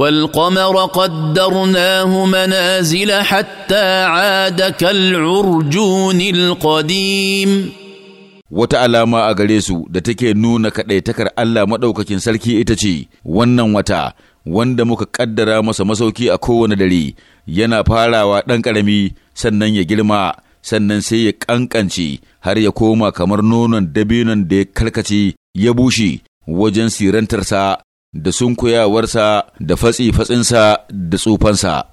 والقمر قدرناه منازل حتى عاد كالعرجون القديم wata alama a gare su da take nuna kaɗaitakar Allah maɗaukakin sarki ita ce, wannan wata wanda muka ƙaddara masa masauki a kowane dare yana farawa ɗan ƙarami sannan ya girma sannan sai ya ƙanƙance har ya koma kamar nonon dabinon da ya karkace ya bushe wajen sirantarsa da sunkuyawarsa da fatsi fatsinsa da tsufansa